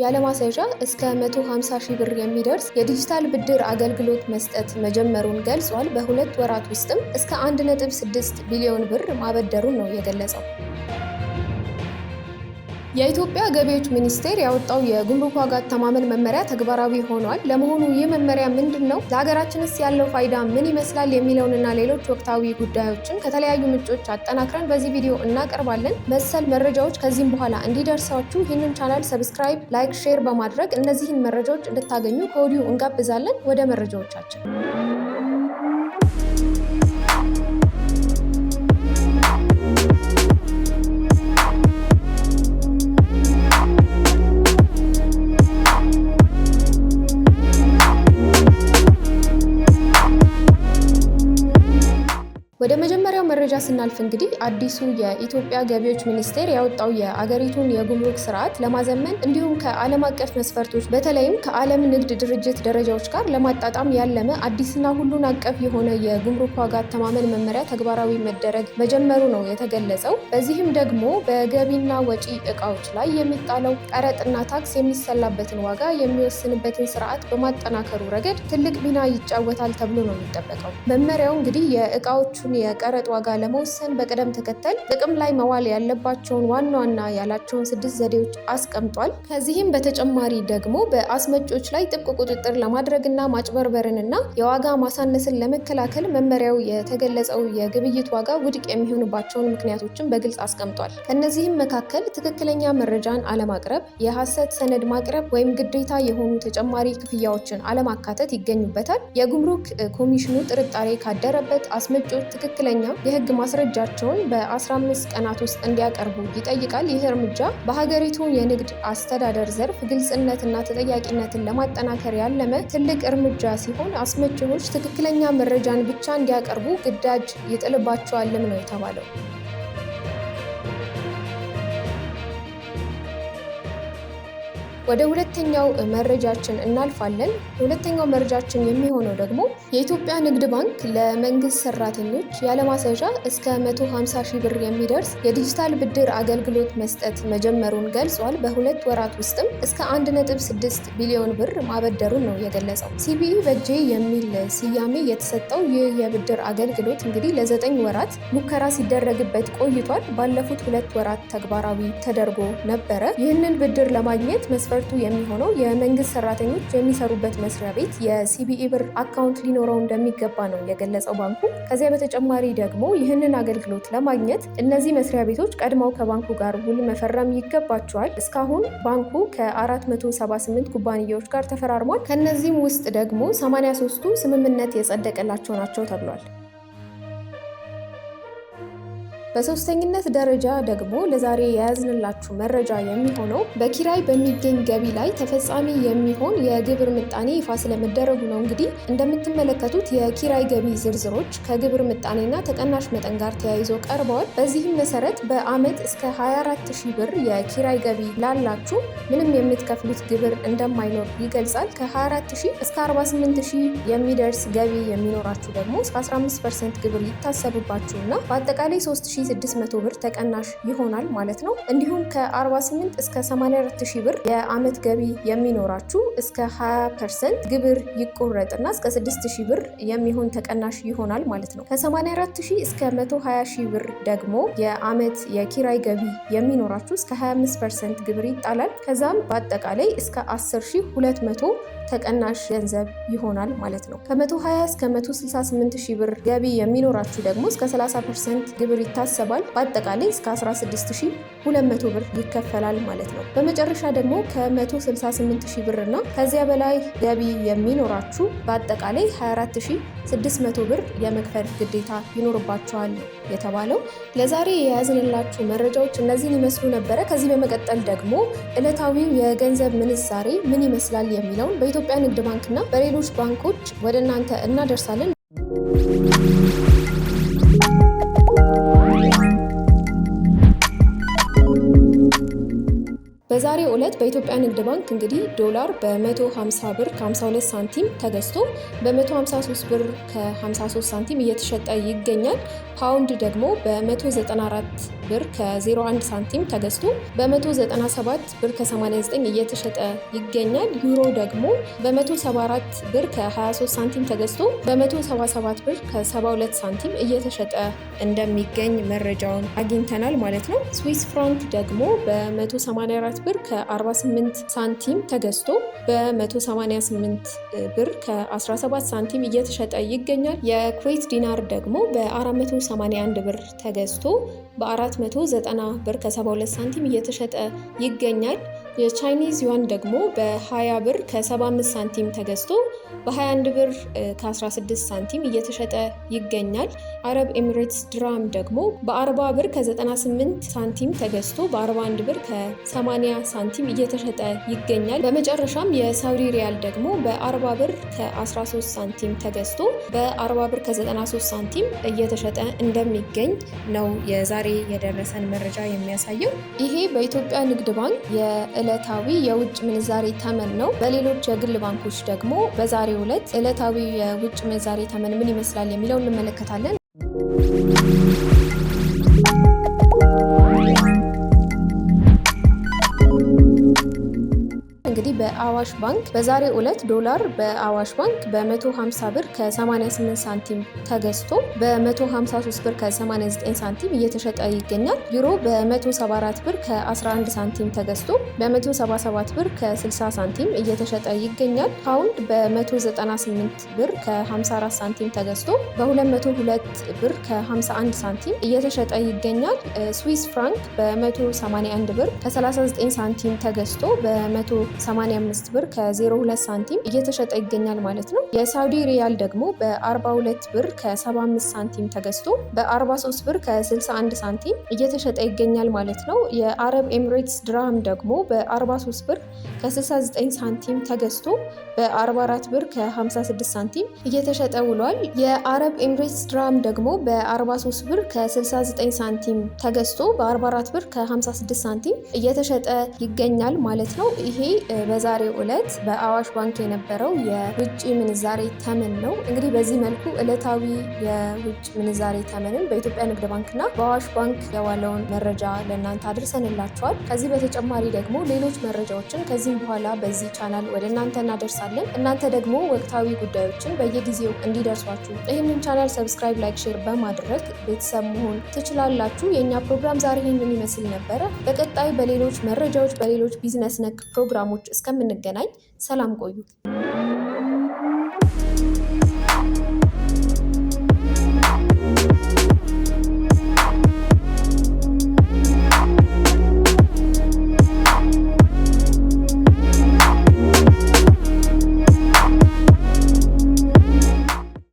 ያለማሰዣ እስከ 150 ሺህ ብር የሚደርስ የዲጂታል ብድር አገልግሎት መስጠት መጀመሩን ገልጿል። በሁለት ወራት ውስጥም እስከ 1.6 ቢሊዮን ብር ማበደሩን ነው የገለጸው። የኢትዮጵያ ገቢዎች ሚኒስቴር ያወጣው የጉምሩክ ዋጋ አተማመን መመሪያ ተግባራዊ ሆኗል። ለመሆኑ ይህ መመሪያ ምንድን ነው? ለሀገራችንስ ያለው ፋይዳ ምን ይመስላል? የሚለውንና ሌሎች ወቅታዊ ጉዳዮችን ከተለያዩ ምንጮች አጠናክረን በዚህ ቪዲዮ እናቀርባለን። መሰል መረጃዎች ከዚህም በኋላ እንዲደርሳችሁ ይህንን ቻናል ሰብስክራይብ፣ ላይክ፣ ሼር በማድረግ እነዚህን መረጃዎች እንድታገኙ ከወዲሁ እንጋብዛለን። ወደ መረጃዎቻችን መረጃ ስናልፍ እንግዲህ አዲሱ የኢትዮጵያ ገቢዎች ሚኒስቴር ያወጣው የአገሪቱን የጉምሩክ ስርዓት ለማዘመን እንዲሁም ከዓለም አቀፍ መስፈርቶች በተለይም ከዓለም ንግድ ድርጅት ደረጃዎች ጋር ለማጣጣም ያለመ አዲስና ሁሉን አቀፍ የሆነ የጉምሩክ ዋጋ አተማመን መመሪያ ተግባራዊ መደረግ መጀመሩ ነው የተገለጸው። በዚህም ደግሞ በገቢና ወጪ እቃዎች ላይ የሚጣለው ቀረጥና ታክስ የሚሰላበትን ዋጋ የሚወስንበትን ስርዓት በማጠናከሩ ረገድ ትልቅ ሚና ይጫወታል ተብሎ ነው የሚጠበቀው። መመሪያው እንግዲህ የእቃዎቹን የቀረጥ ዋጋ ለመወሰን በቅደም ተከተል ጥቅም ላይ መዋል ያለባቸውን ዋና ዋና ያላቸውን ስድስት ዘዴዎች አስቀምጧል። ከዚህም በተጨማሪ ደግሞ በአስመጪዎች ላይ ጥብቅ ቁጥጥር ለማድረግና ማጭበርበርንና የዋጋ ማሳነስን ለመከላከል መመሪያው የተገለጸው የግብይት ዋጋ ውድቅ የሚሆንባቸውን ምክንያቶችን በግልጽ አስቀምጧል። ከእነዚህም መካከል ትክክለኛ መረጃን አለማቅረብ፣ የሐሰት ሰነድ ማቅረብ ወይም ግዴታ የሆኑ ተጨማሪ ክፍያዎችን አለማካተት ይገኙበታል። የጉምሩክ ኮሚሽኑ ጥርጣሬ ካደረበት አስመጪዎች ትክክለኛ የህግ ማስረጃቸውን በ15 ቀናት ውስጥ እንዲያቀርቡ ይጠይቃል። ይህ እርምጃ በሀገሪቱ የንግድ አስተዳደር ዘርፍ ግልጽነትና ተጠያቂነትን ለማጠናከር ያለመ ትልቅ እርምጃ ሲሆን አስመጪዎች ትክክለኛ መረጃን ብቻ እንዲያቀርቡ ግዳጅ ይጥልባቸዋልም ነው የተባለው። ወደ ሁለተኛው መረጃችን እናልፋለን። ሁለተኛው መረጃችን የሚሆነው ደግሞ የኢትዮጵያ ንግድ ባንክ ለመንግስት ሰራተኞች ያለማሰዣ እስከ 150 ሺህ ብር የሚደርስ የዲጂታል ብድር አገልግሎት መስጠት መጀመሩን ገልጿል። በሁለት ወራት ውስጥም እስከ 1.6 ቢሊዮን ብር ማበደሩን ነው የገለጸው። ሲቢኢ በጄ የሚል ስያሜ የተሰጠው ይህ የብድር አገልግሎት እንግዲህ ለዘጠኝ ወራት ሙከራ ሲደረግበት ቆይቷል። ባለፉት ሁለት ወራት ተግባራዊ ተደርጎ ነበረ። ይህንን ብድር ለማግኘት መስፈ መስፈርቱ የሚሆነው የመንግስት ሰራተኞች የሚሰሩበት መስሪያ ቤት የሲቢኢ ብር አካውንት ሊኖረው እንደሚገባ ነው የገለጸው ባንኩ። ከዚያ በተጨማሪ ደግሞ ይህንን አገልግሎት ለማግኘት እነዚህ መስሪያ ቤቶች ቀድመው ከባንኩ ጋር ውል መፈረም ይገባቸዋል። እስካሁን ባንኩ ከ478 ኩባንያዎች ጋር ተፈራርሟል። ከእነዚህም ውስጥ ደግሞ 83ቱ ስምምነት የጸደቀላቸው ናቸው ተብሏል። በሶስተኝነት ደረጃ ደግሞ ለዛሬ የያዝንላችሁ መረጃ የሚሆነው በኪራይ በሚገኝ ገቢ ላይ ተፈጻሚ የሚሆን የግብር ምጣኔ ይፋ ስለመደረጉ ነው። እንግዲህ እንደምትመለከቱት የኪራይ ገቢ ዝርዝሮች ከግብር ምጣኔና ተቀናሽ መጠን ጋር ተያይዞ ቀርበዋል። በዚህም መሰረት በአመት እስከ 24 ሺህ ብር የኪራይ ገቢ ላላችሁ ምንም የምትከፍሉት ግብር እንደማይኖር ይገልጻል። ከ24 ሺህ እስከ 48 ሺህ የሚደርስ ገቢ የሚኖራችሁ ደግሞ እስከ 15 ፐርሰንት ግብር ይታሰብባችሁና በአጠቃላይ 3 1600 ብር ተቀናሽ ይሆናል ማለት ነው። እንዲሁም ከ48 እስከ 84 ሺህ ብር የአመት ገቢ የሚኖራችሁ እስከ 20 ፐርሰንት ግብር ይቆረጥና እስከ 6 ብር የሚሆን ተቀናሽ ይሆናል ማለት ነው። ከ84 ሺህ እስከ 120 ሺህ ብር ደግሞ የአመት የኪራይ ገቢ የሚኖራችሁ እስከ 25 ፐርሰንት ግብር ይጣላል። ከዛም በአጠቃላይ እስከ 10 ተቀናሽ ገንዘብ ይሆናል ማለት ነው። ከ120 እስከ 168 ሺህ ብር ገቢ የሚኖራችሁ ደግሞ እስከ 30 ፐርሰንት ግብር ይታሰባል። በአጠቃላይ እስከ 16200 ብር ይከፈላል ማለት ነው። በመጨረሻ ደግሞ ከ168 ሺህ ብር እና ከዚያ በላይ ገቢ የሚኖራችሁ በአጠቃላይ 24600 ብር የመክፈል ግዴታ ይኖርባችኋል ነው የተባለው። ለዛሬ የያዝንላችሁ መረጃዎች እነዚህን ይመስሉ ነበረ። ከዚህ በመቀጠል ደግሞ ዕለታዊው የገንዘብ ምንዛሬ ምን ይመስላል የሚለውን በኢትዮጵያ ንግድ ባንክና በሌሎች ባንኮች ወደ እናንተ እናደርሳለን። በዛሬው ዕለት በኢትዮጵያ ንግድ ባንክ እንግዲህ ዶላር በ150 ብር ከ52 ሳንቲም ተገዝቶ በ153 ብር ከ53 ሳንቲም እየተሸጠ ይገኛል። ፓውንድ ደግሞ በ194 ብር ከ01 ሳንቲም ተገዝቶ በ197 ብር ከ89 እየተሸጠ ይገኛል። ዩሮ ደግሞ በ174 ብር ከ23 ሳንቲም ተገዝቶ በ177 ብር ከ72 ሳንቲም እየተሸጠ እንደሚገኝ መረጃውን አግኝተናል ማለት ነው። ስዊስ ፍራንክ ደግሞ በ184 ብር ከ48 ሳንቲም ተገዝቶ በ188 ብር ከ17 ሳንቲም እየተሸጠ ይገኛል። የኩዌት ዲናር ደግሞ በ481 ብር ተገዝቶ በ490 ብር ከ72 ሳንቲም እየተሸጠ ይገኛል። የቻይኒዝ ዩዋን ደግሞ በ20 ብር ከ75 ሳንቲም ተገዝቶ በ21 ብር ከ16 ሳንቲም እየተሸጠ ይገኛል። አረብ ኤሚሬትስ ድራም ደግሞ በ40 ብር ከ98 ሳንቲም ተገዝቶ በ41 ብር ከ80 ሳንቲም እየተሸጠ ይገኛል። በመጨረሻም የሳውዲ ሪያል ደግሞ በ40 ብር ከ13 ሳንቲም ተገዝቶ በ40 ብር ከ93 ሳንቲም እየተሸጠ እንደሚገኝ ነው የዛሬ የደረሰን መረጃ የሚያሳየው። ይሄ በኢትዮጵያ ንግድ ባንክ ዕለታዊ የውጭ ምንዛሬ ተመን ነው። በሌሎች የግል ባንኮች ደግሞ በዛሬው ዕለት ዕለታዊ የውጭ ምንዛሬ ተመን ምን ይመስላል የሚለው እንመለከታለን። አዋሽ ባንክ በዛሬ ዕለት ዶላር በአዋሽ ባንክ በ150 ብር ከ88 ሳንቲም ተገዝቶ በ153 ብር ከ89 ሳንቲም እየተሸጠ ይገኛል። ዩሮ በ174 ብር ከ11 ሳንቲም ተገዝቶ በ177 ብር ከ60 ሳንቲም እየተሸጠ ይገኛል። ፓውንድ በ198 ብር ከ54 ሳንቲም ተገዝቶ በ202 ብር ከ51 ሳንቲም እየተሸጠ ይገኛል። ስዊስ ፍራንክ በ181 ብር ከ39 ሳንቲም ተገዝቶ በ185 በ ብር ከ02 ሳንቲም እየተሸጠ ይገኛል ማለት ነው። የሳውዲ ሪያል ደግሞ በ42 ብር ከ75 ሳንቲም ተገዝቶ በ43 ብር ከ61 ሳንቲም እየተሸጠ ይገኛል ማለት ነው። የአረብ ኤምሬትስ ድራም ደግሞ በ43 ብር ከ69 ሳንቲም ተገዝቶ በ44 ብር ከ56 ሳንቲም እየተሸጠ ውሏል። የአረብ ኤምሬትስ ድራም ደግሞ በ43 ብር ከ69 ሳንቲም ተገዝቶ በ44 ብር ከ56 ሳንቲም እየተሸጠ ይገኛል ማለት ነው። ይሄ በዛሬ በዛሬው ዕለት በአዋሽ ባንክ የነበረው የውጭ ምንዛሬ ተመን ነው። እንግዲህ በዚህ መልኩ ዕለታዊ የውጭ ምንዛሬ ተመንን በኢትዮጵያ ንግድ ባንክና በአዋሽ ባንክ የዋለውን መረጃ ለእናንተ አድርሰንላቸዋል። ከዚህ በተጨማሪ ደግሞ ሌሎች መረጃዎችን ከዚህም በኋላ በዚህ ቻናል ወደ እናንተ እናደርሳለን። እናንተ ደግሞ ወቅታዊ ጉዳዮችን በየጊዜው እንዲደርሷችሁ ይህንን ቻናል ሰብስክራይብ፣ ላይክ፣ ሼር በማድረግ ቤተሰብ መሆን ትችላላችሁ። የእኛ ፕሮግራም ዛሬ ይህንን ይመስል ነበረ። በቀጣይ በሌሎች መረጃዎች በሌሎች ቢዝነስ ነክ ፕሮግራሞች እስከምን እስከምንገናኝ ሰላም ቆዩ።